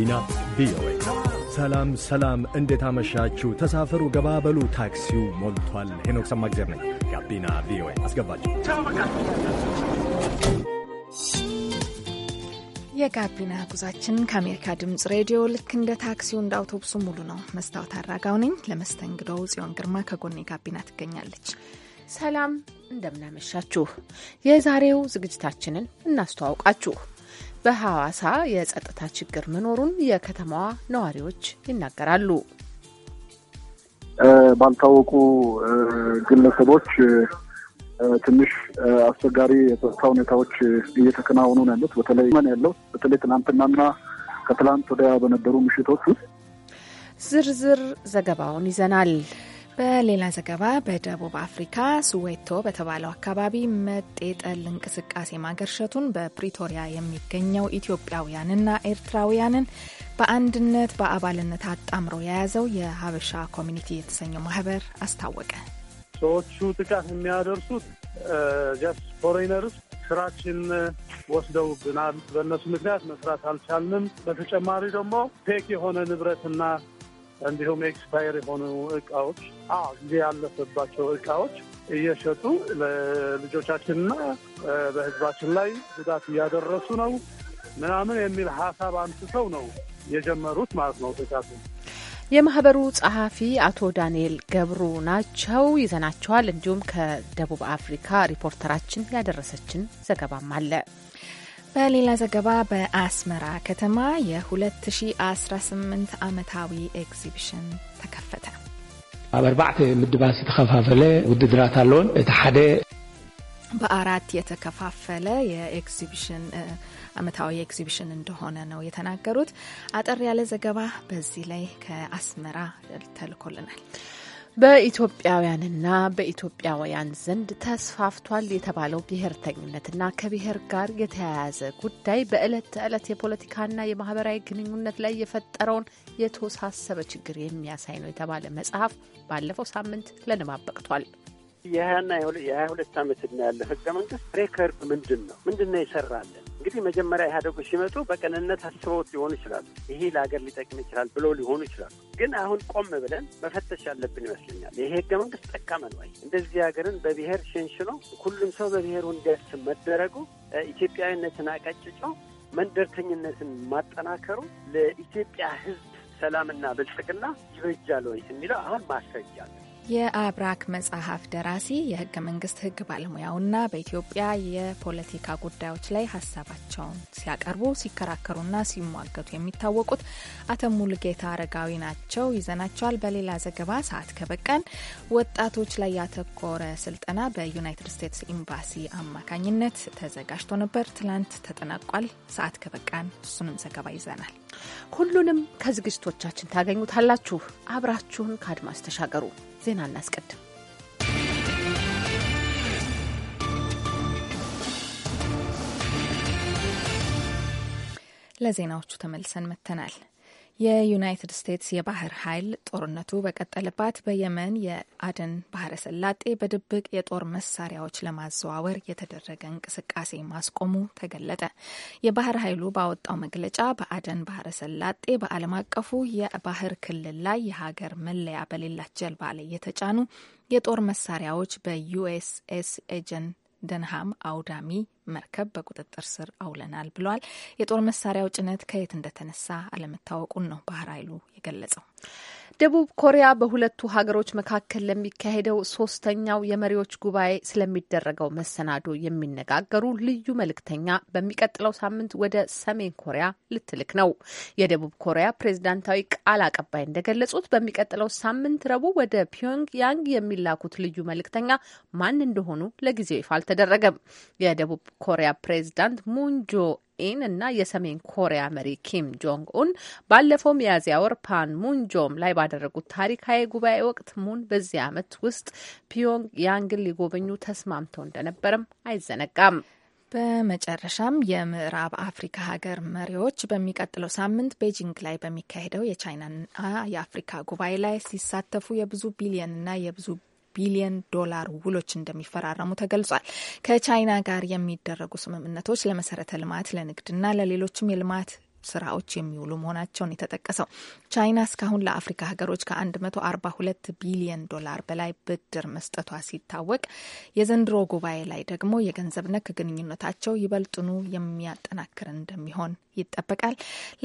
ጋቢና ቪኦኤ። ሰላም ሰላም፣ እንዴት አመሻችሁ? ተሳፈሩ፣ ገባበሉ፣ ታክሲው ሞልቷል። ሄኖክ ሰማግዜር ነኝ። ጋቢና ቪኦኤ አስገባችሁ። የጋቢና ጉዛችን ከአሜሪካ ድምጽ ሬዲዮ ልክ እንደ ታክሲው እንደ አውቶቡሱ ሙሉ ነው። መስታወት አራጋው ነኝ። ለመስተንግዶው ጽዮን ግርማ ከጎኔ ጋቢና ትገኛለች። ሰላም እንደምናመሻችሁ። የዛሬው ዝግጅታችንን እናስተዋውቃችሁ። በሐዋሳ የጸጥታ ችግር መኖሩን የከተማዋ ነዋሪዎች ይናገራሉ። ባልታወቁ ግለሰቦች ትንሽ አስቸጋሪ የጸጥታ ሁኔታዎች እየተከናወኑ ነው ያሉት። በተለይ መን ያለው በተለይ ትናንትናና ከትላንት ወዲያ በነበሩ ምሽቶች ውስጥ ዝርዝር ዘገባውን ይዘናል። በሌላ ዘገባ በደቡብ አፍሪካ ስዌቶ በተባለው አካባቢ መጤጠል እንቅስቃሴ ማገርሸቱን በፕሪቶሪያ የሚገኘው ኢትዮጵያውያንና ኤርትራውያንን በአንድነት በአባልነት አጣምሮ የያዘው የሀበሻ ኮሚኒቲ የተሰኘው ማህበር አስታወቀ። ሰዎቹ ጥቃት የሚያደርሱት ጀስት ፎሬነርስ ስራችን ወስደውብናል፣ በእነሱ ምክንያት መስራት አልቻልንም። በተጨማሪ ደግሞ ፌክ የሆነ ንብረትና እንዲሁም ኤክስፓየር የሆኑ እቃዎች ጊዜ ያለፈባቸው እቃዎች እየሸጡ ለልጆቻችንና በህዝባችን ላይ ጉዳት እያደረሱ ነው ምናምን የሚል ሀሳብ አንስተው ነው የጀመሩት ማለት ነው ጥቃቱ። የማህበሩ ጸሐፊ አቶ ዳንኤል ገብሩ ናቸው ይዘናቸዋል። እንዲሁም ከደቡብ አፍሪካ ሪፖርተራችን ያደረሰችን ዘገባም አለ። በሌላ ዘገባ በአስመራ ከተማ የ2018 ዓመታዊ ኤግዚቢሽን ተከፈተ። ኣብ ኣርባዕተ ምድባ ዝተከፋፈለ ውድድራት ኣለዎን እቲ ሓደ በአራት የተከፋፈለ የኤግዚቢሽን ዓመታዊ ኤግዚቢሽን እንደሆነ ነው የተናገሩት። አጠር ያለ ዘገባ በዚህ ላይ ከአስመራ ተልኮልናል። በኢትዮጵያውያንና በኢትዮጵያውያን ዘንድ ተስፋፍቷል የተባለው ብሔርተኝነትና ከብሔር ጋር የተያያዘ ጉዳይ በዕለት ተዕለት የፖለቲካና የማህበራዊ ግንኙነት ላይ የፈጠረውን የተወሳሰበ ችግር የሚያሳይ ነው የተባለ መጽሐፍ ባለፈው ሳምንት ለንባብ በቅቷል። የሀያና የሀያ ሁለት ዓመት ያለ ህገ መንግስት ሬከርድ ምንድን ነው? ምንድን ነው ይሰራለን እንግዲህ መጀመሪያ ኢህአደጎች ሲመጡ በቅንነት አስበውት ሊሆኑ ይችላሉ። ይሄ ለሀገር ሊጠቅም ይችላል ብለው ሊሆኑ ይችላሉ። ግን አሁን ቆም ብለን መፈተሽ ያለብን ይመስለኛል። ይሄ ህገ መንግስት ጠቃመ ነው። እንደዚህ ሀገርን በብሔር ሸንሽኖ ሁሉም ሰው በብሔሩ እንዲያስ መደረጉ ኢትዮጵያዊነትን አቀጭጮ መንደርተኝነትን ማጠናከሩ ለኢትዮጵያ ህዝብ ሰላምና ብልጽግና ይበጃል ወይ የሚለው አሁን ማስረጃ የአብራክ መጽሐፍ ደራሲ የህገ መንግስት ህግ ባለሙያውና በኢትዮጵያ የፖለቲካ ጉዳዮች ላይ ሀሳባቸውን ሲያቀርቡ ሲከራከሩና ሲሟገቱ የሚታወቁት አቶ ሙሉጌታ አረጋዊ ናቸው። ይዘናቸዋል። በሌላ ዘገባ ሰዓት ከበቀን ወጣቶች ላይ ያተኮረ ስልጠና በዩናይትድ ስቴትስ ኤምባሲ አማካኝነት ተዘጋጅቶ ነበር። ትላንት ተጠናቋል። ሰዓት ከበቃን እሱንም ዘገባ ይዘናል። ሁሉንም ከዝግጅቶቻችን ታገኙታላችሁ። አብራችሁን ከአድማስ ተሻገሩ። ዜና እናስቀድም። ለዜናዎቹ ተመልሰን መጥተናል። የዩናይትድ ስቴትስ የባህር ኃይል ጦርነቱ በቀጠለባት በየመን የአደን ባህረ ሰላጤ በድብቅ የጦር መሳሪያዎች ለማዘዋወር የተደረገ እንቅስቃሴ ማስቆሙ ተገለጠ። የባህር ኃይሉ ባወጣው መግለጫ በአደን ባህረ ሰላጤ በዓለም አቀፉ የባህር ክልል ላይ የሀገር መለያ በሌላት ጀልባ ላይ የተጫኑ የጦር መሳሪያዎች በዩኤስኤስ ኤጀን ደንሃም አውዳሚ መርከብ በቁጥጥር ስር አውለናል ብሏል። የጦር መሳሪያው ጭነት ከየት እንደተነሳ አለመታወቁን ነው ባህር ኃይሉ የገለጸው። ደቡብ ኮሪያ በሁለቱ ሀገሮች መካከል ለሚካሄደው ሶስተኛው የመሪዎች ጉባኤ ስለሚደረገው መሰናዶ የሚነጋገሩ ልዩ መልእክተኛ በሚቀጥለው ሳምንት ወደ ሰሜን ኮሪያ ልትልክ ነው። የደቡብ ኮሪያ ፕሬዝዳንታዊ ቃል አቀባይ እንደገለጹት በሚቀጥለው ሳምንት ረቡዕ ወደ ፒዮንግ ያንግ የሚላኩት ልዩ መልእክተኛ ማን እንደሆኑ ለጊዜው ይፋ አልተደረገም። የደቡብ ኮሪያ ፕሬዚዳንት ሙንጆ ኢን እና የሰሜን ኮሪያ መሪ ኪም ጆንግ ኡን ባለፈው ሚያዝያ ወር ሙንጆም ላይ ባደረጉት ታሪካዊ ጉባኤ ወቅት ሙን በዚህ ዓመት ውስጥ ፒዮንግ ያንግን ሊጎበኙ ተስማምተው እንደነበረም አይዘነጋም። በመጨረሻም የምዕራብ አፍሪካ ሀገር መሪዎች በሚቀጥለው ሳምንት ቤጂንግ ላይ በሚካሄደው የቻይናና የአፍሪካ ጉባኤ ላይ ሲሳተፉ የብዙ ቢሊየንና የብዙ ቢሊዮን ዶላር ውሎች እንደሚፈራረሙ ተገልጿል። ከቻይና ጋር የሚደረጉ ስምምነቶች ለመሰረተ ልማት፣ ለንግድና ለሌሎችም የልማት ስራዎች የሚውሉ መሆናቸውን የተጠቀሰው ቻይና እስካሁን ለአፍሪካ ሀገሮች ከ142 ቢሊየን ዶላር በላይ ብድር መስጠቷ ሲታወቅ የዘንድሮ ጉባኤ ላይ ደግሞ የገንዘብ ነክ ግንኙነታቸው ይበልጥኑ የሚያጠናክር እንደሚሆን ይጠበቃል።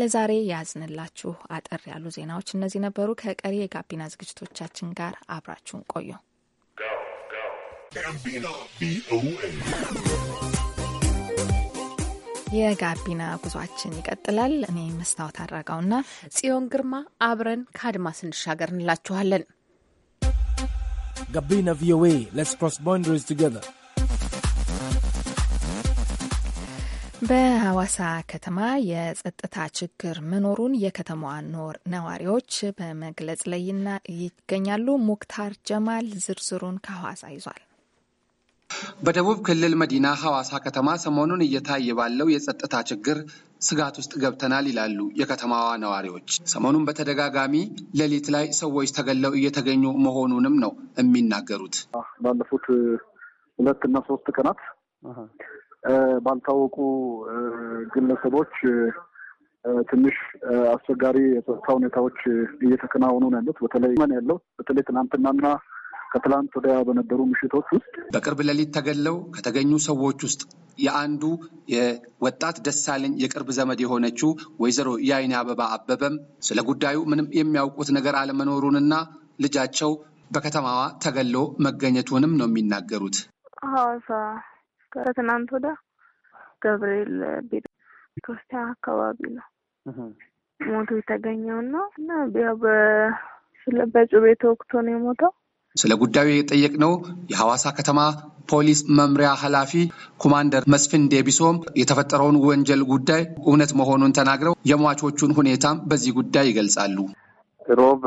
ለዛሬ ያዝንላችሁ አጠር ያሉ ዜናዎች እነዚህ ነበሩ። ከቀሪ የጋቢና ዝግጅቶቻችን ጋር አብራችሁን ቆዩ። ጋቢና ቪኦኤ የጋቢና ጉዟችን ይቀጥላል። እኔ መስታወት አድራጋውና ጽዮን ግርማ አብረን ከአድማስ ስንሻገር እንላችኋለን። ጋቢና ቪኦኤ ሌትስ ክሮስ ቦንደሪስ ቱጌዘር በሐዋሳ ከተማ የጸጥታ ችግር መኖሩን የከተማዋ ነዋሪዎች በመግለጽ ላይ ይገኛሉ። ሙክታር ጀማል ዝርዝሩን ከሐዋሳ ይዟል። በደቡብ ክልል መዲና ሐዋሳ ከተማ ሰሞኑን እየታየ ባለው የጸጥታ ችግር ስጋት ውስጥ ገብተናል ይላሉ የከተማዋ ነዋሪዎች። ሰሞኑን በተደጋጋሚ ሌሊት ላይ ሰዎች ተገለው እየተገኙ መሆኑንም ነው የሚናገሩት። ባለፉት ሁለት እና ሶስት ቀናት ባልታወቁ ግለሰቦች ትንሽ አስቸጋሪ የጸጥታ ሁኔታዎች እየተከናወኑ ነው ያሉት። በተለይ ያለው በተለይ ትናንትናና ከትላንት ወዲያ በነበሩ ምሽቶች ውስጥ በቅርብ ሌሊት ተገለው ከተገኙ ሰዎች ውስጥ የአንዱ የወጣት ደሳለኝ የቅርብ ዘመድ የሆነችው ወይዘሮ የአይኔ አበባ አበበም ስለ ጉዳዩ ምንም የሚያውቁት ነገር አለመኖሩንና ልጃቸው በከተማዋ ተገሎ መገኘቱንም ነው የሚናገሩት። ሐዋሳ ከትናንት ወዲያ ገብርኤል ቤተ ክርስቲያን አካባቢ ነው ሞቶ የተገኘውና እና በጩቤ ተወግቶ ነው የሞተው። ስለ ጉዳዩ የጠየቅነው የሐዋሳ ከተማ ፖሊስ መምሪያ ኃላፊ ኮማንደር መስፍን ዴቢሶም የተፈጠረውን ወንጀል ጉዳይ እውነት መሆኑን ተናግረው የሟቾቹን ሁኔታም በዚህ ጉዳይ ይገልጻሉ። ሮብ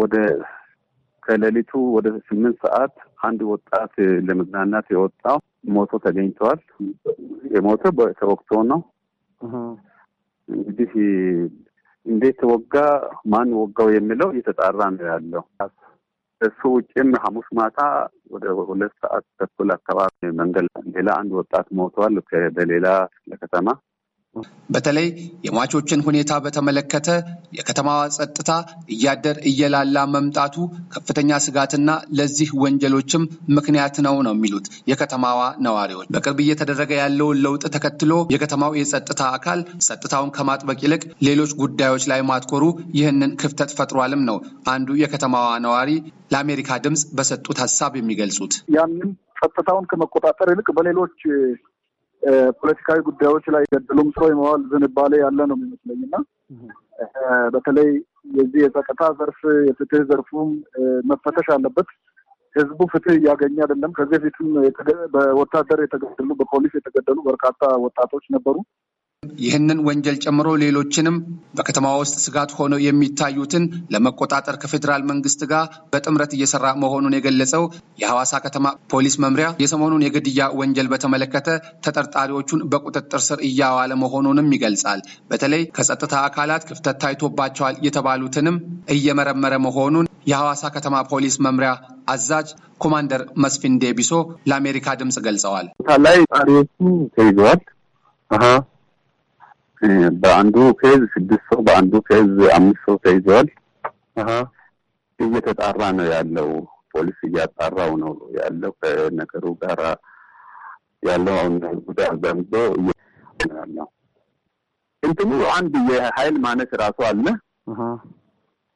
ወደ ከሌሊቱ ወደ ስምንት ሰዓት አንድ ወጣት ለመዝናናት የወጣው ሞቶ ተገኝተዋል። የሞተ ተወግቶ ነው። እንግዲህ እንዴት ወጋ፣ ማን ወጋው የሚለው እየተጣራ ነው ያለው። እሱ ውጭም ሐሙስ ማታ ወደ ሁለት ሰዓት ተኩል አካባቢ መንገድ ሌላ አንድ ወጣት ሞተዋል። በሌላ ለከተማ በተለይ የሟቾችን ሁኔታ በተመለከተ የከተማዋ ጸጥታ እያደር እየላላ መምጣቱ ከፍተኛ ስጋትና ለዚህ ወንጀሎችም ምክንያት ነው ነው የሚሉት የከተማዋ ነዋሪዎች። በቅርብ እየተደረገ ያለውን ለውጥ ተከትሎ የከተማው የጸጥታ አካል ጸጥታውን ከማጥበቅ ይልቅ ሌሎች ጉዳዮች ላይ ማትኮሩ ይህንን ክፍተት ፈጥሯልም ነው አንዱ የከተማዋ ነዋሪ ለአሜሪካ ድምፅ በሰጡት ሀሳብ የሚገልጹት። ያንን ጸጥታውን ከመቆጣጠር ይልቅ በሌሎች ፖለቲካዊ ጉዳዮች ላይ ገድሉም ሰው የመዋል ዝንባሌ ያለ ነው የሚመስለኝ እና በተለይ የዚህ የጸጥታ ዘርፍ የፍትህ ዘርፉም መፈተሽ አለበት። ህዝቡ ፍትህ እያገኘ አይደለም። ከዚህ በፊትም በወታደር የተገደሉ በፖሊስ የተገደሉ በርካታ ወጣቶች ነበሩ። ይህንን ወንጀል ጨምሮ ሌሎችንም በከተማ ውስጥ ስጋት ሆነው የሚታዩትን ለመቆጣጠር ከፌዴራል መንግስት ጋር በጥምረት እየሰራ መሆኑን የገለጸው የሐዋሳ ከተማ ፖሊስ መምሪያ የሰሞኑን የግድያ ወንጀል በተመለከተ ተጠርጣሪዎቹን በቁጥጥር ስር እያዋለ መሆኑንም ይገልጻል። በተለይ ከጸጥታ አካላት ክፍተት ታይቶባቸዋል የተባሉትንም እየመረመረ መሆኑን የሐዋሳ ከተማ ፖሊስ መምሪያ አዛዥ ኮማንደር መስፍን ዴቢሶ ለአሜሪካ ድምፅ ገልጸዋል። ላይ ጣሪዎቹ ተይዘዋል በአንዱ ኬዝ ስድስት ሰው በአንዱ ኬዝ አምስት ሰው ተይዘዋል። እየተጣራ ነው ያለው። ፖሊስ እያጣራው ነው ያለው ከነገሩ ጋር ያለው አሁን ጉዳት ዘምዶ ነው እንትኑ አንድ የኃይል ማነስ ራሱ አለ።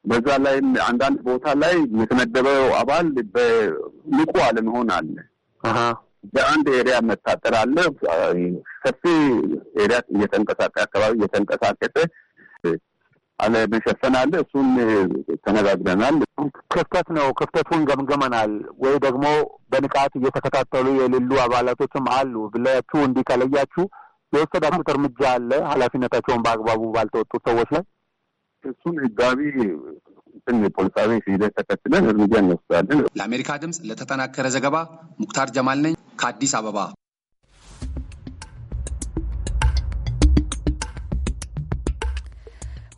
በዛ ላይ አንዳንድ ቦታ ላይ የተመደበው አባል በንቁ አለመሆን አለ። በአንድ ኤሪያ መታጠር አለ። ሰፊ ኤሪያ እየተንቀሳቀ አካባቢ እየተንቀሳቀሰ አለመሸፈን አለ። እሱን ተነጋግረናል። ክፍተት ነው፣ ክፍተቱን ገምግመናል። ወይ ደግሞ በንቃት እየተከታተሉ የሌሉ አባላቶችም አሉ ብላችሁ ከለያችሁ የወሰዳችሁት እርምጃ አለ ኃላፊነታቸውን በአግባቡ ባልተወጡት ሰዎች ላይ እሱን ህጋቢ የፖለቲካዊ ሂደት ተከትለን እርምጃ እንወስዳለን። ለአሜሪካ ድምፅ ለተጠናከረ ዘገባ ሙክታር ጀማል ነኝ ከአዲስ አበባ።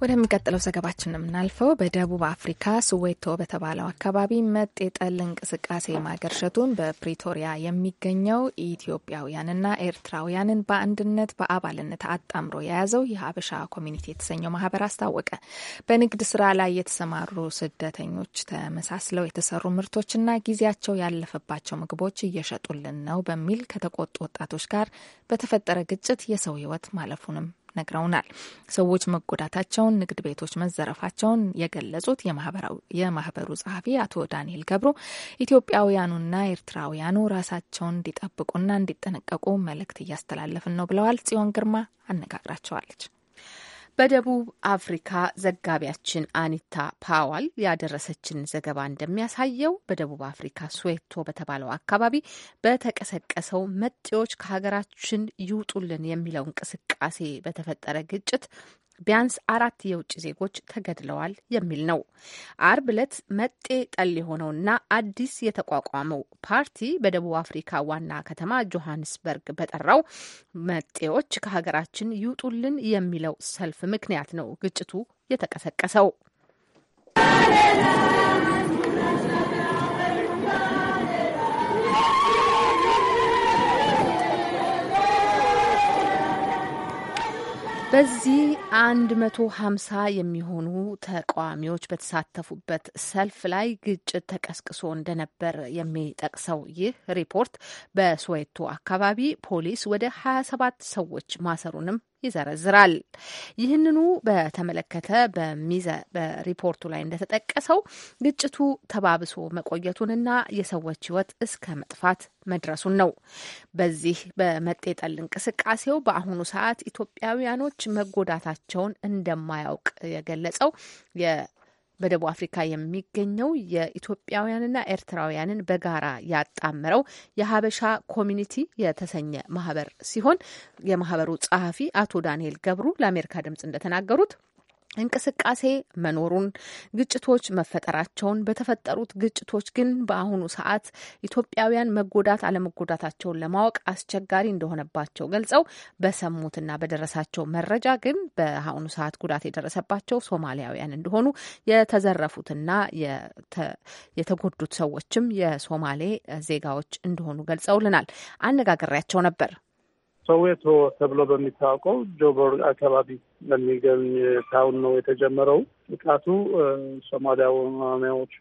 ወደሚቀጥለው ዘገባችን የምናልፈው በደቡብ አፍሪካ ሱዌቶ በተባለው አካባቢ መጤ ጠል እንቅስቃሴ ማገርሸቱን በፕሪቶሪያ የሚገኘው ኢትዮጵያውያንና ኤርትራውያንን በአንድነት በአባልነት አጣምሮ የያዘው የሀበሻ ኮሚኒቲ የተሰኘው ማህበር አስታወቀ። በንግድ ስራ ላይ የተሰማሩ ስደተኞች ተመሳስለው የተሰሩ ምርቶችና ጊዜያቸው ያለፈባቸው ምግቦች እየሸጡልን ነው በሚል ከተቆጡ ወጣቶች ጋር በተፈጠረ ግጭት የሰው ህይወት ማለፉንም ነግረውናል። ሰዎች መጎዳታቸውን፣ ንግድ ቤቶች መዘረፋቸውን የገለጹት የማህበሩ ጸሐፊ አቶ ዳንኤል ገብሮ ኢትዮጵያውያኑና ኤርትራውያኑ ራሳቸውን እንዲጠብቁና እንዲጠነቀቁ መልእክት እያስተላለፍን ነው ብለዋል። ጽዮን ግርማ አነጋግራቸዋለች። በደቡብ አፍሪካ ዘጋቢያችን አኒታ ፓዋል ያደረሰችን ዘገባ እንደሚያሳየው በደቡብ አፍሪካ ስዌቶ በተባለው አካባቢ በተቀሰቀሰው መጤዎች ከሀገራችን ይውጡልን የሚለው እንቅስቃሴ በተፈጠረ ግጭት ቢያንስ አራት የውጭ ዜጎች ተገድለዋል የሚል ነው። አርብ ዕለት መጤ ጠል የሆነውና አዲስ የተቋቋመው ፓርቲ በደቡብ አፍሪካ ዋና ከተማ ጆሃንስበርግ በጠራው መጤዎች ከሀገራችን ይውጡልን የሚለው ሰልፍ ምክንያት ነው ግጭቱ የተቀሰቀሰው። በዚህ 150 የሚሆኑ ተቃዋሚዎች በተሳተፉበት ሰልፍ ላይ ግጭት ተቀስቅሶ እንደነበር የሚጠቅሰው ይህ ሪፖርት በሶዌቶ አካባቢ ፖሊስ ወደ 27 ሰዎች ማሰሩንም ይዘረዝራል። ይህንኑ በተመለከተ በሚዘ በሪፖርቱ ላይ እንደተጠቀሰው ግጭቱ ተባብሶ መቆየቱንና የሰዎች ሕይወት እስከ መጥፋት መድረሱን ነው። በዚህ በመጤጠል እንቅስቃሴው በአሁኑ ሰዓት ኢትዮጵያውያኖች መጎዳታቸውን እንደማያውቅ የገለጸው በደቡብ አፍሪካ የሚገኘው የኢትዮጵያውያንና ኤርትራውያንን በጋራ ያጣመረው የሀበሻ ኮሚኒቲ የተሰኘ ማህበር ሲሆን የማህበሩ ጸሐፊ አቶ ዳንኤል ገብሩ ለአሜሪካ ድምጽ እንደተናገሩት እንቅስቃሴ መኖሩን፣ ግጭቶች መፈጠራቸውን፣ በተፈጠሩት ግጭቶች ግን በአሁኑ ሰዓት ኢትዮጵያውያን መጎዳት አለመጎዳታቸውን ለማወቅ አስቸጋሪ እንደሆነባቸው ገልጸው በሰሙትና በደረሳቸው መረጃ ግን በአሁኑ ሰዓት ጉዳት የደረሰባቸው ሶማሊያውያን እንደሆኑ የተዘረፉትና የተጎዱት ሰዎችም የሶማሌ ዜጋዎች እንደሆኑ ገልጸውልናል። አነጋግሬያቸው ነበር። ሶዌቶ ተብሎ በሚታወቀው ጆቦር አካባቢ በሚገኝ ታውን ነው የተጀመረው። ጥቃቱ ሶማሊያውያኖቹ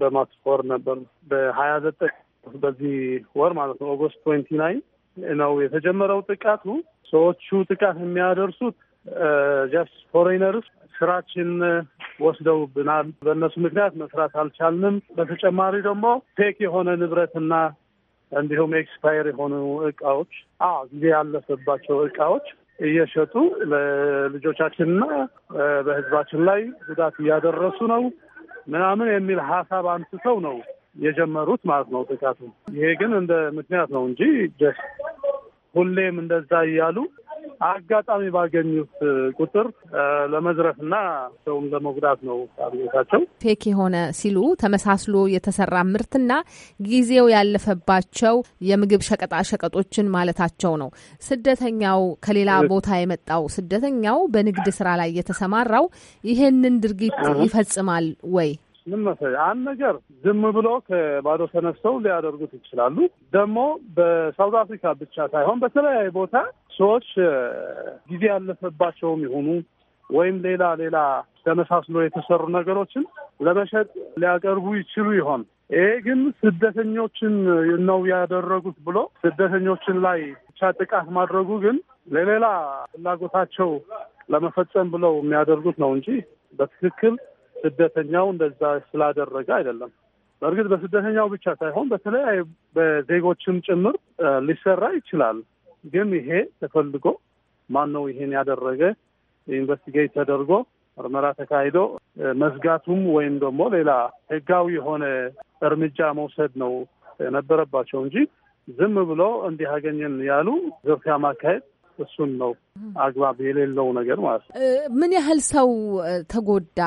በማስፈር ነበር። በሀያ ዘጠኝ በዚህ ወር ማለት ነው ኦገስት ትዌንቲ ናይን ነው የተጀመረው ጥቃቱ። ሰዎቹ ጥቃት የሚያደርሱት ጀስት ፎሬነርስ ስራችን ወስደውብናል፣ በእነሱ ምክንያት መስራት አልቻልንም። በተጨማሪ ደግሞ ፌክ የሆነ ንብረትና እንዲሁም ኤክስፓየር የሆኑ እቃዎች ጊዜ ያለፈባቸው እቃዎች እየሸጡ ለልጆቻችንና በህዝባችን ላይ ጉዳት እያደረሱ ነው ምናምን የሚል ሀሳብ አንስተው ነው የጀመሩት ማለት ነው ጥቃቱ። ይሄ ግን እንደ ምክንያት ነው እንጂ ሁሌም እንደዛ እያሉ አጋጣሚ ባገኙት ቁጥር ለመዝረፍ እና ሰውን ለመጉዳት ነው አብዮታቸው። ፌክ የሆነ ሲሉ ተመሳስሎ የተሰራ ምርትና ጊዜው ያለፈባቸው የምግብ ሸቀጣ ሸቀጦችን ማለታቸው ነው። ስደተኛው ከሌላ ቦታ የመጣው ስደተኛው በንግድ ስራ ላይ የተሰማራው ይህንን ድርጊት ይፈጽማል ወይ? ምን መሰለኝ አንድ ነገር ዝም ብሎ ከባዶ ተነስተው ሊያደርጉት ይችላሉ። ደግሞ በሳውት አፍሪካ ብቻ ሳይሆን በተለያየ ቦታ ሰዎች ጊዜ ያለፈባቸውም ይሆኑ ወይም ሌላ ሌላ ተመሳስሎ የተሰሩ ነገሮችን ለመሸጥ ሊያቀርቡ ይችሉ ይሆን። ይሄ ግን ስደተኞችን ነው ያደረጉት ብሎ ስደተኞችን ላይ ብቻ ጥቃት ማድረጉ ግን ለሌላ ፍላጎታቸው ለመፈጸም ብለው የሚያደርጉት ነው እንጂ በትክክል ስደተኛው እንደዛ ስላደረገ አይደለም። በእርግጥ በስደተኛው ብቻ ሳይሆን በተለያዩ በዜጎችም ጭምር ሊሰራ ይችላል። ግን ይሄ ተፈልጎ ማን ነው ይሄን ያደረገ ኢንቨስቲጌት ተደርጎ ምርመራ ተካሂዶ መዝጋቱም ወይም ደግሞ ሌላ ህጋዊ የሆነ እርምጃ መውሰድ ነው የነበረባቸው እንጂ ዝም ብሎ እንዲህ አገኘን ያሉ ዝርፊያ ማካሄድ እሱን ነው አግባብ የሌለው ነገር ማለት ነው። ምን ያህል ሰው ተጎዳ?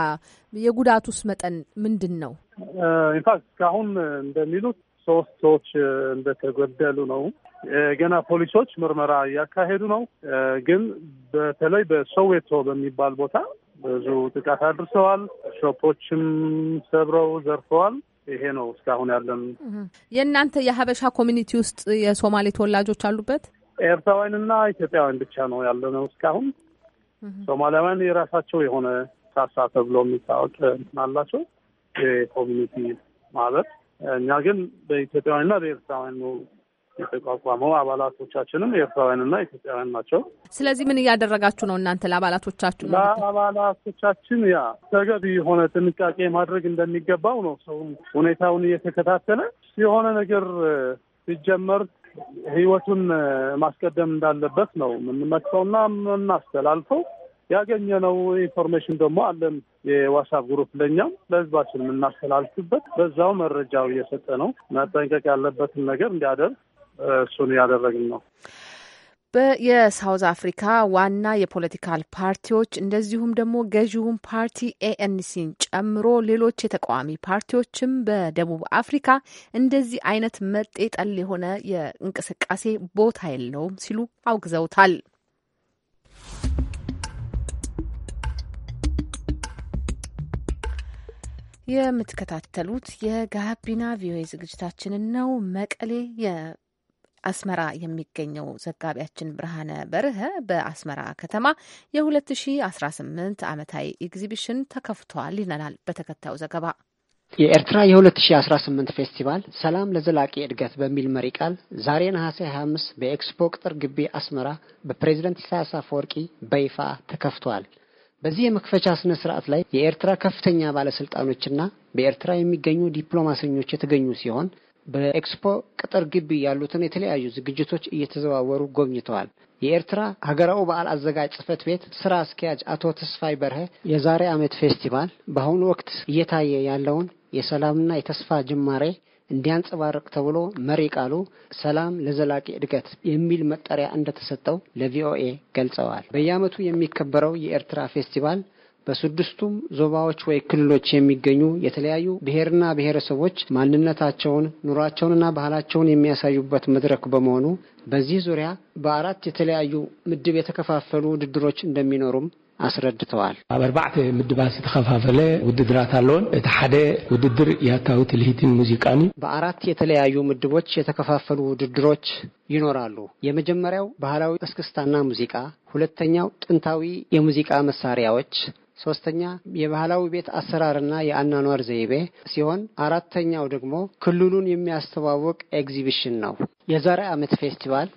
የጉዳቱስ መጠን ምንድን ነው? ኢንፋክት እስካሁን እንደሚሉት ሶስት ሰዎች እንደተጎደሉ ነው። ገና ፖሊሶች ምርመራ እያካሄዱ ነው። ግን በተለይ በሶዌቶ በሚባል ቦታ ብዙ ጥቃት አድርሰዋል። ሾፖችም ሰብረው ዘርፈዋል። ይሄ ነው እስካሁን ያለን። የእናንተ የሀበሻ ኮሚኒቲ ውስጥ የሶማሌ ተወላጆች አሉበት? ኤርትራውያንና ኢትዮጵያውያን ብቻ ነው ያለነው እስካሁን። ሶማሊያውያን የራሳቸው የሆነ ሳሳ ተብሎ የሚታወቅ አላቸው የኮሚኒቲ ማህበር። እኛ ግን በኢትዮጵያውያንና በኤርትራውያን ነው የተቋቋመው። አባላቶቻችንም ኤርትራውያንና ኢትዮጵያውያን ናቸው። ስለዚህ ምን እያደረጋችሁ ነው እናንተ ለአባላቶቻችሁ? ለአባላቶቻችን ያ ተገቢ የሆነ ጥንቃቄ ማድረግ እንደሚገባው ነው ሰው ሁኔታውን እየተከታተለ የሆነ ነገር ሲጀመር ህይወቱን ማስቀደም እንዳለበት ነው የምንመክሰውና የምናስተላልፈው። ያገኘነው ኢንፎርሜሽን ደግሞ አለን የዋትሳፕ ግሩፕ ለእኛም ለህዝባችን የምናስተላልፍበት በዛው መረጃው እየሰጠ ነው መጠንቀቅ ያለበትን ነገር እንዲያደርግ እሱን እያደረግን ነው። የሳውዝ አፍሪካ ዋና የፖለቲካል ፓርቲዎች እንደዚሁም ደግሞ ገዢውን ፓርቲ ኤኤንሲን ጨምሮ ሌሎች የተቃዋሚ ፓርቲዎችም በደቡብ አፍሪካ እንደዚህ አይነት መጤጠል የሆነ የእንቅስቃሴ ቦታ የለውም ሲሉ አውግዘውታል። የምትከታተሉት የጋቢና ቪኦኤ ዝግጅታችንን ነው። መቀሌ አስመራ የሚገኘው ዘጋቢያችን ብርሃነ በርሀ በአስመራ ከተማ የ2018 ዓመታዊ ኤግዚቢሽን ተከፍቷል ይለናል በተከታዩ ዘገባ። የኤርትራ የ2018 ፌስቲቫል ሰላም ለዘላቂ እድገት በሚል መሪ ቃል ዛሬ ነሐሴ 25 በኤክስፖ ቅጥር ግቢ አስመራ በፕሬዝደንት ኢሳያስ አፈወርቂ በይፋ ተከፍቷል። በዚህ የመክፈቻ ስነ ስርዓት ላይ የኤርትራ ከፍተኛ ባለስልጣኖችና በኤርትራ የሚገኙ ዲፕሎማሰኞች የተገኙ ሲሆን በኤክስፖ ቅጥር ግቢ ያሉትን የተለያዩ ዝግጅቶች እየተዘዋወሩ ጎብኝተዋል። የኤርትራ ሀገራዊ በዓል አዘጋጅ ጽህፈት ቤት ስራ አስኪያጅ አቶ ተስፋይ በርሀ የዛሬ ዓመት ፌስቲቫል በአሁኑ ወቅት እየታየ ያለውን የሰላምና የተስፋ ጅማሬ እንዲያንጸባርቅ ተብሎ መሪ ቃሉ ሰላም ለዘላቂ እድገት የሚል መጠሪያ እንደተሰጠው ለቪኦኤ ገልጸዋል። በየዓመቱ የሚከበረው የኤርትራ ፌስቲቫል በስድስቱም ዞባዎች ወይ ክልሎች የሚገኙ የተለያዩ ብሔርና ብሔረሰቦች ማንነታቸውን ኑሯቸውንና ባህላቸውን የሚያሳዩበት መድረክ በመሆኑ በዚህ ዙሪያ በአራት የተለያዩ ምድብ የተከፋፈሉ ውድድሮች እንደሚኖሩም አስረድተዋል። ኣብ ኣርባዕተ ምድባት ዝተኸፋፈለ ውድድራት ኣለዎን እቲ ሓደ ውድድር ያታዊ ትልሂትን ሙዚቃን እዩ ብአራት የተለያዩ ምድቦች የተከፋፈሉ ውድድሮች ይኖራሉ። የመጀመሪያው ባህላዊ እስክስታና ሙዚቃ፣ ሁለተኛው ጥንታዊ የሙዚቃ መሳሪያዎች፣ ሶስተኛ የባህላዊ ቤት አሰራርና የአኗኗር ዘይቤ ሲሆን አራተኛው ደግሞ ክልሉን የሚያስተዋውቅ ኤግዚቢሽን ነው። የዛሬ ዓመት ፌስቲቫል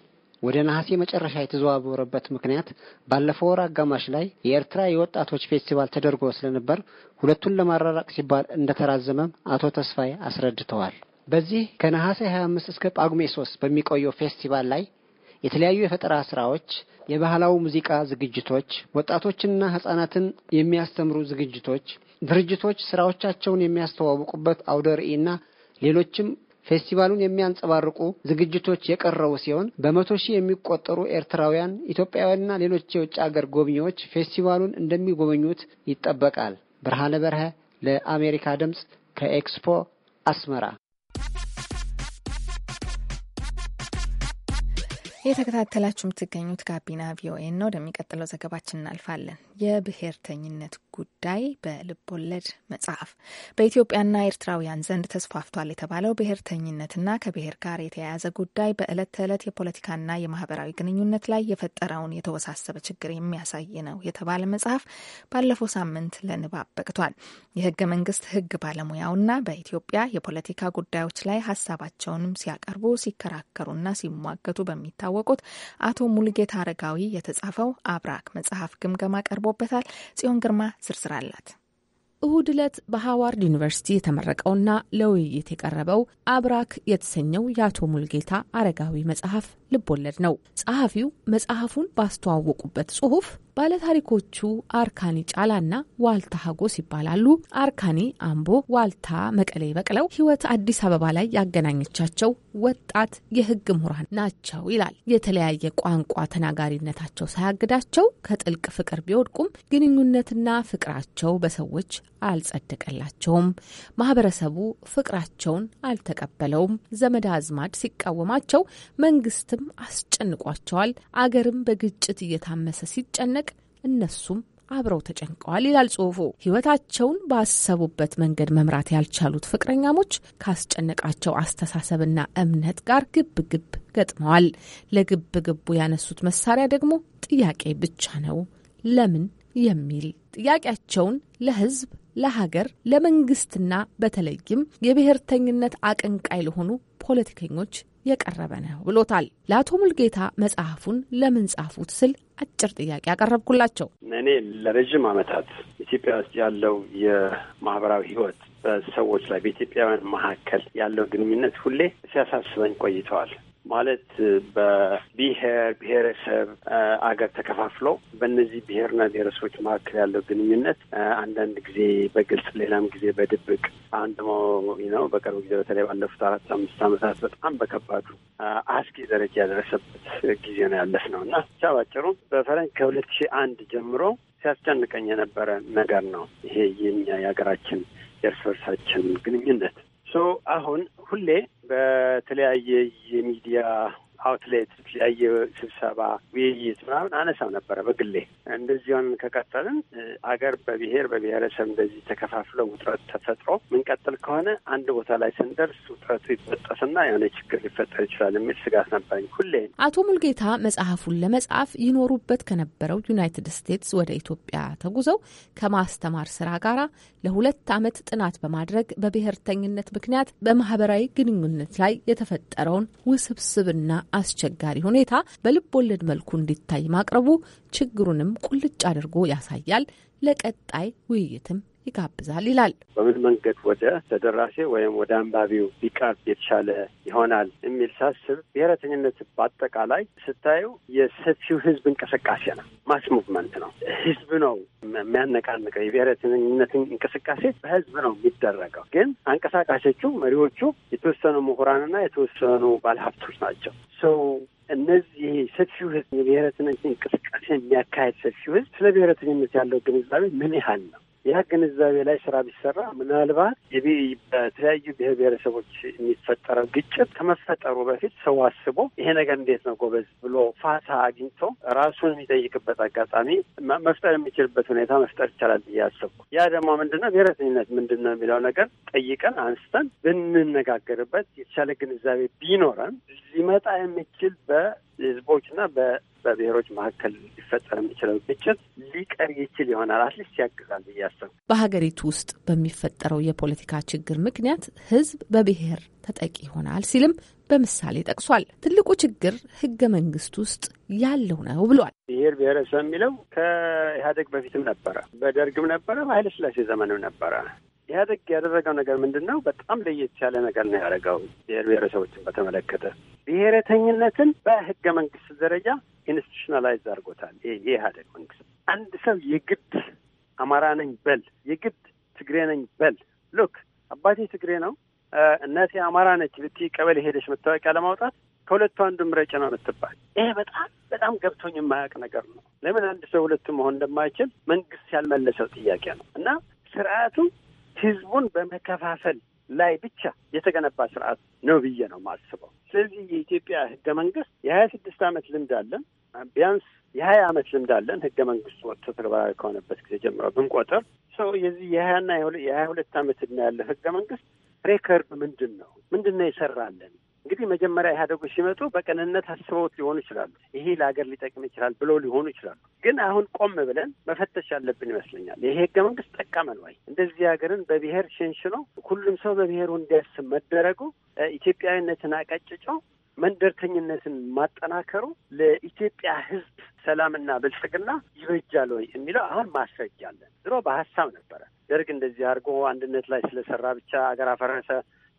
ወደ ነሐሴ መጨረሻ የተዘዋወረበት ምክንያት ባለፈው ወር አጋማሽ ላይ የኤርትራ የወጣቶች ፌስቲቫል ተደርጎ ስለነበር ሁለቱን ለማራራቅ ሲባል እንደተራዘመም አቶ ተስፋዬ አስረድተዋል። በዚህ ከነሐሴ 25 እስከ ጳጉሜ 3 በሚቆየው ፌስቲቫል ላይ የተለያዩ የፈጠራ ስራዎች፣ የባህላዊ ሙዚቃ ዝግጅቶች፣ ወጣቶችና ህጻናትን የሚያስተምሩ ዝግጅቶች፣ ድርጅቶች ስራዎቻቸውን የሚያስተዋውቁበት አውደ ርዕይና ሌሎችም ፌስቲቫሉን የሚያንጸባርቁ ዝግጅቶች የቀረቡ ሲሆን በመቶ ሺህ የሚቆጠሩ ኤርትራውያን፣ ኢትዮጵያውያንና ሌሎች የውጭ አገር ጎብኚዎች ፌስቲቫሉን እንደሚጎበኙት ይጠበቃል። ብርሃነ በርሀ ለአሜሪካ ድምፅ ከኤክስፖ አስመራ የተከታተላችሁ የምትገኙት ጋቢና ቪኦኤ ነው። ወደሚቀጥለው ዘገባችን እናልፋለን። የብሔርተኝነት ጉዳይ በልቦለድ መጽሐፍ በኢትዮጵያና ኤርትራውያን ዘንድ ተስፋፍቷል የተባለው ብሔርተኝነትና ከብሔር ጋር የተያያዘ ጉዳይ በዕለት ተዕለት የፖለቲካና የማህበራዊ ግንኙነት ላይ የፈጠረውን የተወሳሰበ ችግር የሚያሳይ ነው የተባለ መጽሐፍ ባለፈው ሳምንት ለንባብ በቅቷል። የህገ መንግስት ህግ ባለሙያውና በኢትዮጵያ የፖለቲካ ጉዳዮች ላይ ሀሳባቸውንም ሲያቀርቡ ሲከራከሩና ሲሟገቱ በሚታ ያስታወቁት አቶ ሙልጌታ አረጋዊ የተጻፈው አብራክ መጽሐፍ ግምገማ ቀርቦበታል። ጽዮን ግርማ ዝርዝር አላት። እሁድ ዕለት በሃዋርድ ዩኒቨርሲቲ የተመረቀውና ለውይይት የቀረበው አብራክ የተሰኘው የአቶ ሙልጌታ አረጋዊ መጽሐፍ ልቦለድ ነው። ጸሐፊው መጽሐፉን ባስተዋወቁበት ጽሑፍ ባለታሪኮቹ አርካኒ ጫላና ዋልታ ሀጎስ ይባላሉ። አርካኒ አምቦ፣ ዋልታ መቀሌ በቅለው ሕይወት አዲስ አበባ ላይ ያገናኘቻቸው ወጣት የሕግ ምሁራን ናቸው ይላል። የተለያየ ቋንቋ ተናጋሪነታቸው ሳያግዳቸው ከጥልቅ ፍቅር ቢወድቁም ግንኙነትና ፍቅራቸው በሰዎች አልጸደቀላቸውም። ማህበረሰቡ ፍቅራቸውን አልተቀበለውም። ዘመድ አዝማድ ሲቃወማቸው፣ መንግስትም ሀገርም አስጨንቋቸዋል። አገርም በግጭት እየታመሰ ሲጨነቅ እነሱም አብረው ተጨንቀዋል ይላል ጽሁፉ። ህይወታቸውን ባሰቡበት መንገድ መምራት ያልቻሉት ፍቅረኛሞች ካስጨነቃቸው አስተሳሰብና እምነት ጋር ግብ ግብ ገጥመዋል። ለግብ ግቡ ያነሱት መሳሪያ ደግሞ ጥያቄ ብቻ ነው። ለምን የሚል ጥያቄያቸውን ለህዝብ፣ ለሀገር፣ ለመንግስትና በተለይም የብሔርተኝነት አቀንቃይ ለሆኑ ፖለቲከኞች የቀረበ ነው ብሎታል። ለአቶ ሙልጌታ መጽሐፉን ለምን ጻፉት ስል አጭር ጥያቄ ያቀረብኩላቸው እኔ ለረዥም ዓመታት ኢትዮጵያ ውስጥ ያለው የማህበራዊ ህይወት በሰዎች ላይ በኢትዮጵያውያን መካከል ያለው ግንኙነት ሁሌ ሲያሳስበኝ ቆይተዋል። ማለት በብሔር ብሔረሰብ አገር ተከፋፍሎ በእነዚህ ብሔርና ብሔረሰቦች መካከል ያለው ግንኙነት አንዳንድ ጊዜ በግልጽ ሌላም ጊዜ በድብቅ አንድ ነው። በቅርብ ጊዜ በተለይ ባለፉት አራት አምስት ዓመታት በጣም በከባዱ አስጊ ደረጃ ያደረሰበት ጊዜ ነው ያለፍ ነው እና ብቻ ባጭሩ በፈረንጅ ከሁለት ሺህ አንድ ጀምሮ ሲያስጨንቀኝ የነበረ ነገር ነው ይሄ የኛ የሀገራችን የእርስ በርሳችን ግንኙነት ሶ አሁን ሁሌ በተለያየ የሚዲያ አውትሌት የተለያየ ስብሰባ፣ ውይይት ምናምን አነሳው ነበረ በግሌ። እንደዚሁም ከቀጠልን አገር በብሔር በብሔረሰብ እንደዚህ ተከፋፍለው ውጥረት ተፈጥሮ ምንቀጥል ከሆነ አንድ ቦታ ላይ ስንደርስ ውጥረቱ ይበጠስና የሆነ ችግር ሊፈጠር ይችላል የሚል ስጋት ነበረኝ ሁሌ። አቶ ሙልጌታ መጽሐፉን ለመጻፍ ይኖሩበት ከነበረው ዩናይትድ ስቴትስ ወደ ኢትዮጵያ ተጉዘው ከማስተማር ስራ ጋራ ለሁለት አመት ጥናት በማድረግ በብሔርተኝነት ምክንያት በማህበራዊ ግንኙነት ላይ የተፈጠረውን ውስብስብና አስቸጋሪ ሁኔታ በልብ ወለድ መልኩ እንዲታይ ማቅረቡ ችግሩንም ቁልጭ አድርጎ ያሳያል። ለቀጣይ ውይይትም ይጋብዛል ይላል። በምን መንገድ ወደ ተደራሴ ወይም ወደ አንባቢው ቢቀርብ የተሻለ ይሆናል የሚል ሳስብ ብሔረተኝነት በአጠቃላይ ስታዩ የሰፊው ህዝብ እንቅስቃሴ ነው። ማስ ሙቭመንት ነው። ህዝብ ነው የሚያነቃንቀው። የብሔረተኝነት እንቅስቃሴ በህዝብ ነው የሚደረገው። ግን አንቀሳቃሾቹ መሪዎቹ የተወሰኑ ምሁራንና የተወሰኑ ባለሀብቶች ናቸው። ሰው እነዚህ ሰፊው ህዝብ የብሔረተኝነት እንቅስቃሴ የሚያካሄድ ሰፊው ህዝብ ስለ ብሔረተኝነት ያለው ግንዛቤ ምን ያህል ነው? ያ ግንዛቤ ላይ ስራ ቢሰራ ምናልባት በተለያዩ ብሔር ብሔረሰቦች የሚፈጠረው ግጭት ከመፈጠሩ በፊት ሰው አስቦ ይሄ ነገር እንዴት ነው ጎበዝ ብሎ ፋታ አግኝቶ ራሱን የሚጠይቅበት አጋጣሚ መፍጠር የሚችልበት ሁኔታ መፍጠር ይቻላል ብዬ አሰብኩ። ያ ደግሞ ምንድነው ብሔረተኝነት ምንድን ነው የሚለው ነገር ጠይቀን አንስተን ብንነጋገርበት የተሻለ ግንዛቤ ቢኖረን ሊመጣ የሚችል በ ህዝቦችና በብሔሮች መካከል ሊፈጠር የሚችለው ግጭት ሊቀር ይችል ይሆናል። አትሊስት ያግዛል ብዬ በሀገሪቱ ውስጥ በሚፈጠረው የፖለቲካ ችግር ምክንያት ህዝብ በብሔር ተጠቂ ይሆናል ሲልም በምሳሌ ጠቅሷል። ትልቁ ችግር ህገ መንግስት ውስጥ ያለው ነው ብሏል። ብሔር ብሔረሰብ የሚለው ከኢህአዴግ በፊትም ነበረ፣ በደርግም ነበረ፣ በኃይለስላሴ ዘመንም ነበረ። ኢህአዴግ ያደረገው ነገር ምንድን ነው? በጣም ለየት ያለ ነገር ነው ያደረገው ብሔር ብሔረሰቦችን በተመለከተ ብሔረተኝነትን በህገ መንግስት ደረጃ ኢንስቲቱሽናላይዝ አድርጎታል። የኢህአዴግ መንግስት አንድ ሰው የግድ አማራ ነኝ በል፣ የግድ ትግሬ ነኝ በል። ሉክ አባቴ ትግሬ ነው እናቴ አማራ ነች ብቲ ቀበሌ ሄደች መታወቂያ ለማውጣት ከሁለቱ አንዱ ምረጭ ነው የምትባል። ይሄ በጣም በጣም ገብቶኝ የማያውቅ ነገር ነው። ለምን አንድ ሰው ሁለቱ መሆን እንደማይችል መንግስት ያልመለሰው ጥያቄ ነው እና ስርዓቱ ህዝቡን በመከፋፈል ላይ ብቻ የተገነባ ስርዓት ነው ብዬ ነው የማስበው። ስለዚህ የኢትዮጵያ ህገ መንግስት የሀያ ስድስት ዓመት ልምድ አለን ቢያንስ የሀያ ዓመት ልምድ አለን ህገ መንግስቱ ወጥቶ ተግባራዊ ከሆነበት ጊዜ ጀምሮ ብንቆጥር ሰው የዚህ የሀያና የሀያ ሁለት ዓመት እድሜ ያለው ህገ መንግስት ሬከርድ ምንድን ነው? ምንድን ነው የሰራለን? እንግዲህ መጀመሪያ ኢህአዴጎች ሲመጡ በቅንነት አስበውት ሊሆኑ ይችላሉ። ይሄ ለሀገር ሊጠቅም ይችላል ብለው ሊሆኑ ይችላሉ። ግን አሁን ቆም ብለን መፈተሽ ያለብን ይመስለኛል። ይሄ ህገ መንግስት ጠቀመን ወይ? እንደዚህ ሀገርን በብሔር ሸንሽኖ ሁሉም ሰው በብሔሩ እንዲያስብ መደረጉ ኢትዮጵያዊነትን አቀጭጮ መንደርተኝነትን ማጠናከሩ ለኢትዮጵያ ህዝብ ሰላምና ብልጽግና ይበጃል ወይ የሚለው አሁን ማስረጃ አለን። ድሮ በሀሳብ ነበረ። ደርግ እንደዚህ አድርጎ አንድነት ላይ ስለሰራ ብቻ አገር አፈረሰ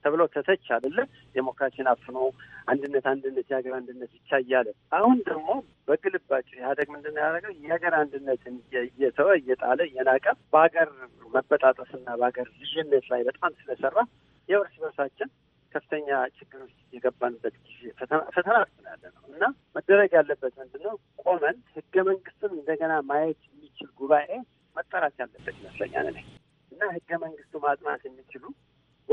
ተብሎ ተተች አይደለ? ዴሞክራሲን አፍኖ አንድነት አንድነት የሀገር አንድነት ብቻ እያለ አሁን ደግሞ በግልባቸው ኢህአዴግ ምንድን ነው ያደረገው? የሀገር አንድነትን እየተወ እየጣለ እየናቀ በሀገር መበጣጠስና በሀገር ልዩነት ላይ በጣም ስለሰራ የእርስ በርሳችን ከፍተኛ ችግር ውስጥ የገባንበት ጊዜ ፈተና ያለ ነው እና መደረግ ያለበት ምንድነው? ቆመን ህገ መንግስትን እንደገና ማየት የሚችል ጉባኤ መጠራት ያለበት ይመስለኛል እኔ እና ህገ መንግስቱ ማጥናት የሚችሉ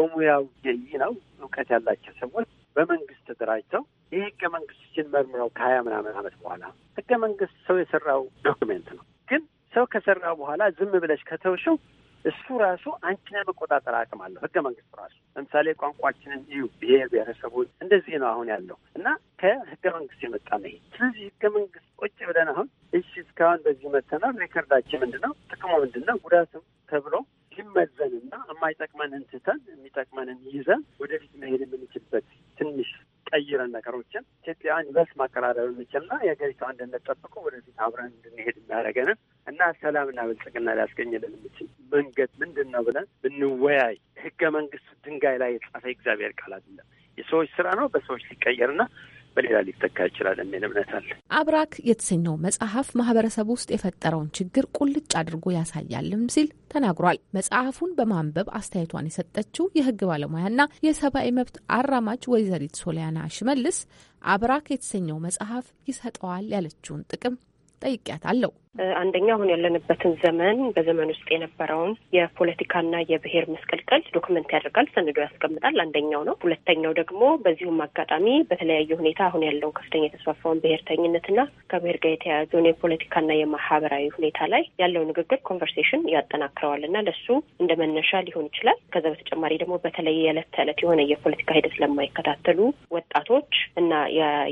በሙያው ጀይ ነው እውቀት ያላቸው ሰዎች በመንግስት ተደራጅተው ይህ ህገ መንግስት ሲመርምረው ከሀያ ምናምን አመት በኋላ ህገ መንግስት ሰው የሰራው ዶክሜንት ነው። ግን ሰው ከሰራው በኋላ ዝም ብለሽ ከተውሽው እሱ ራሱ አንቺን የመቆጣጠር አቅም አለው። ህገ መንግስቱ ራሱ ለምሳሌ ቋንቋችንን እዩ፣ ብሄር ብሄረሰቦች እንደዚህ ነው አሁን ያለው እና ከህገ መንግስት የመጣ ነው። ስለዚህ ህገ መንግስት ቁጭ ብለን አሁን እሺ እስካሁን በዚህ መተናል፣ ሬከርዳችን ምንድን ነው፣ ጥቅሙ ምንድን ነው፣ ጉዳቱ ተብሎ የማይጠቅመንን ትተን የሚጠቅመንን ይዘን ወደፊት መሄድ የምንችልበት ትንሽ ቀይረን ነገሮችን ኢትዮጵያን ይበልጥ ማቀራረብ የምንችልና የሀገሪቱ አንድነት ጠብቆ ወደፊት አብረን እንድንሄድ የሚያደርገንን እና ሰላምና ብልጽግና ሊያስገኝልን የምችል መንገድ ምንድን ነው ብለን ብንወያይ ህገ መንግስቱ ድንጋይ ላይ የጻፈ እግዚአብሔር ቃል አይደለም። የሰዎች ስራ ነው። በሰዎች ሊቀየርና በሌላ ሊተካ ይችላል የሚል እምነት አለ። አብራክ የተሰኘው መጽሐፍ ማህበረሰብ ውስጥ የፈጠረውን ችግር ቁልጭ አድርጎ ያሳያልም ሲል ተናግሯል። መጽሐፉን በማንበብ አስተያየቷን የሰጠችው የህግ ባለሙያና የሰብአዊ መብት አራማጅ ወይዘሪት ሶሊያና ሽመልስ አብራክ የተሰኘው መጽሐፍ ይሰጠዋል ያለችውን ጥቅም ጠይቂያት አለው። አንደኛ አሁን ያለንበትን ዘመን በዘመን ውስጥ የነበረውን የፖለቲካና የብሔር መስቀልቀል ዶክመንት ያደርጋል፣ ሰንዶ ያስቀምጣል። አንደኛው ነው። ሁለተኛው ደግሞ በዚሁም አጋጣሚ በተለያየ ሁኔታ አሁን ያለውን ከፍተኛ የተስፋፋውን ብሔርተኝነትና ከብሔር ጋር የተያያዘውን የፖለቲካና የማህበራዊ ሁኔታ ላይ ያለው ንግግር ኮንቨርሴሽን ያጠናክረዋል እና ለሱ እንደ መነሻ ሊሆን ይችላል። ከዛ በተጨማሪ ደግሞ በተለይ የዕለት ተዕለት የሆነ የፖለቲካ ሂደት ለማይከታተሉ ወጣቶች እና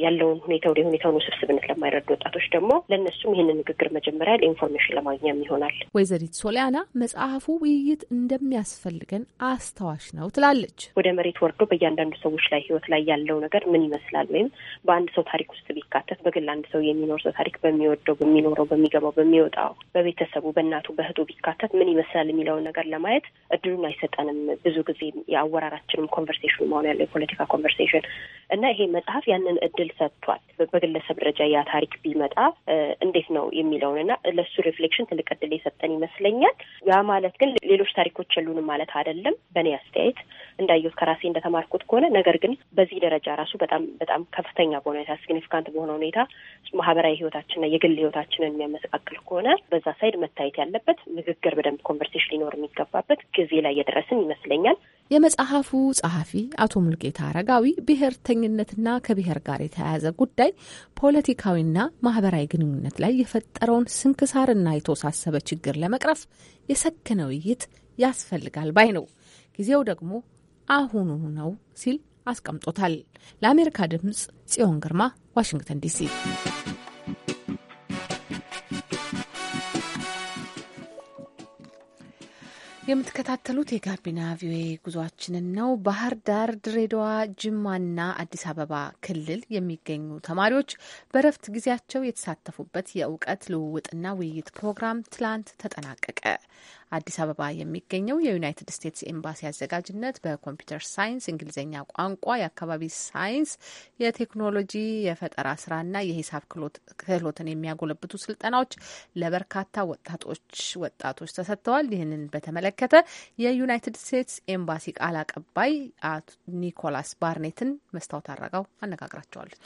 ያለውን ሁኔታ ወደ ሁኔታውን ውስብስብነት ለማይረዱ ወጣቶች ደግሞ ለእነሱም ይህንን ንግግር መጀመ ይጀምራል። ኢንፎርሜሽን ለማግኘም ይሆናል። ወይዘሪት ሶሊያና መጽሐፉ ውይይት እንደሚያስፈልገን አስታዋሽ ነው ትላለች። ወደ መሬት ወርዶ በእያንዳንዱ ሰዎች ላይ ህይወት ላይ ያለው ነገር ምን ይመስላል ወይም በአንድ ሰው ታሪክ ውስጥ ቢካተት በግል አንድ ሰው የሚኖር ሰው ታሪክ በሚወደው በሚኖረው በሚገባው በሚወጣው በቤተሰቡ በእናቱ በእህቱ ቢካተት ምን ይመስላል የሚለውን ነገር ለማየት እድሉን አይሰጠንም። ብዙ ጊዜ የአወራራችንም ኮንቨርሴሽኑ መሆን ያለው የፖለቲካ ኮንቨርሴሽን እና ይሄ መጽሐፍ ያንን እድል ሰጥቷል። በግለሰብ ደረጃ ያ ታሪክ ቢመጣ እንዴት ነው የሚለው እና ለሱ ሪፍሌክሽን ትልቅ እድል የሰጠን ይመስለኛል። ያ ማለት ግን ሌሎች ታሪኮች የሉንም ማለት አይደለም። በእኔ አስተያየት እንዳየሁት ከራሴ እንደተማርኩት ከሆነ ነገር ግን በዚህ ደረጃ ራሱ በጣም በጣም ከፍተኛ በሆነ ሁኔታ ሲግኒፊካንት በሆነ ሁኔታ ማህበራዊ ህይወታችንና የግል ህይወታችንን የሚያመሰቃቅል ከሆነ በዛ ሳይድ መታየት ያለበት ንግግር፣ በደንብ ኮንቨርሴሽን ሊኖር የሚገባበት ጊዜ ላይ የደረስን ይመስለኛል። የመጽሐፉ ጸሐፊ አቶ ሙልጌታ አረጋዊ ብሔርተኝነትና ከብሔር ጋር የተያያዘ ጉዳይ ፖለቲካዊና ማህበራዊ ግንኙነት ላይ የፈጠረውን ስንክሳርና የተወሳሰበ ችግር ለመቅረፍ የሰከነ ውይይት ያስፈልጋል ባይ ነው። ጊዜው ደግሞ አሁኑ ነው ሲል አስቀምጦታል። ለአሜሪካ ድምፅ ጽዮን ግርማ ዋሽንግተን ዲሲ። የምትከታተሉት የጋቢና ቪኦኤ ጉዟችንን ነው። ባህር ዳር፣ ድሬዳዋ፣ ጅማና አዲስ አበባ ክልል የሚገኙ ተማሪዎች በረፍት ጊዜያቸው የተሳተፉበት የእውቀት ልውውጥና ውይይት ፕሮግራም ትላንት ተጠናቀቀ። አዲስ አበባ የሚገኘው የዩናይትድ ስቴትስ ኤምባሲ አዘጋጅነት በኮምፒውተር ሳይንስ፣ እንግሊዝኛ ቋንቋ፣ የአካባቢ ሳይንስ፣ የቴክኖሎጂ፣ የፈጠራ ስራና የሂሳብ ክህሎትን የሚያጎለብቱ ስልጠናዎች ለበርካታ ወጣቶች ወጣቶች ተሰጥተዋል። ይህንን በተመለከተ የዩናይትድ ስቴትስ ኤምባሲ ቃል አቀባይ ኒኮላስ ባርኔትን መስታወት አረጋው አነጋግራቸዋለች።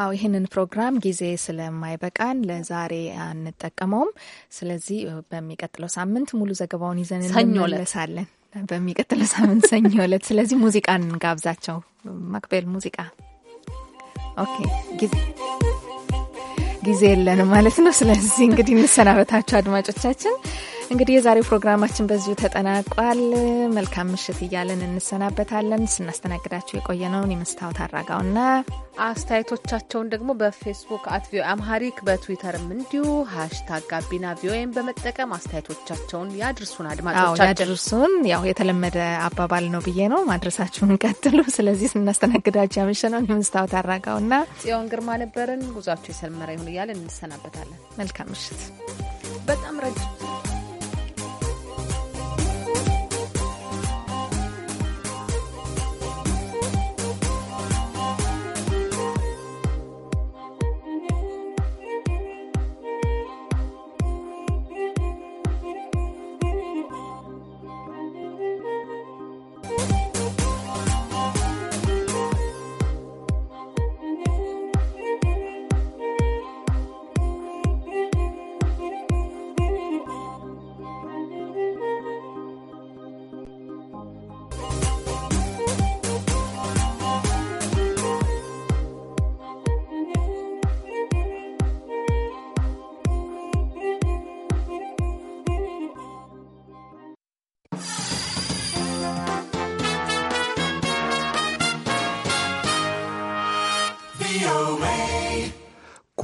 አዎ ይህንን ፕሮግራም ጊዜ ስለማይበቃን ለዛሬ አንጠቀመውም። ስለዚህ በሚቀጥለው ሳምንት ሙሉ ዘገባውን ይዘን እንመለሳለን። በሚቀጥለው ሳምንት ሰኞ ዕለት። ስለዚህ ሙዚቃን እንጋብዛቸው። ማክቤል ሙዚቃ ኦኬ ጊዜ ጊዜ የለንም ማለት ነው። ስለዚህ እንግዲህ እንሰናበታችሁ አድማጮቻችን። እንግዲህ የዛሬው ፕሮግራማችን በዚሁ ተጠናቋል። መልካም ምሽት እያለን እንሰናበታለን። ስናስተናግዳቸው የቆየነውን የመስታወት አራጋውና አስተያየቶቻቸውን ደግሞ በፌስቡክ አት ቪኦኤ አምሃሪክ በትዊተርም እንዲሁ ሀሽታግ ጋቢና ቪኦኤም በመጠቀም አስተያየቶቻቸውን ያድርሱን። አድማጮቻችን ያድርሱን። ያው የተለመደ አባባል ነው ብዬ ነው ማድረሳችሁን ቀጥሉ። ስለዚህ ስናስተናግዳቸው ያመሸነውን የመስታወት አራጋውና ጽዮን ግርማ ነበርን። ጉዟችሁ የሰመረ ይሁን እያለን እንሰናበታለን። መልካም ምሽት። በጣም ረጅም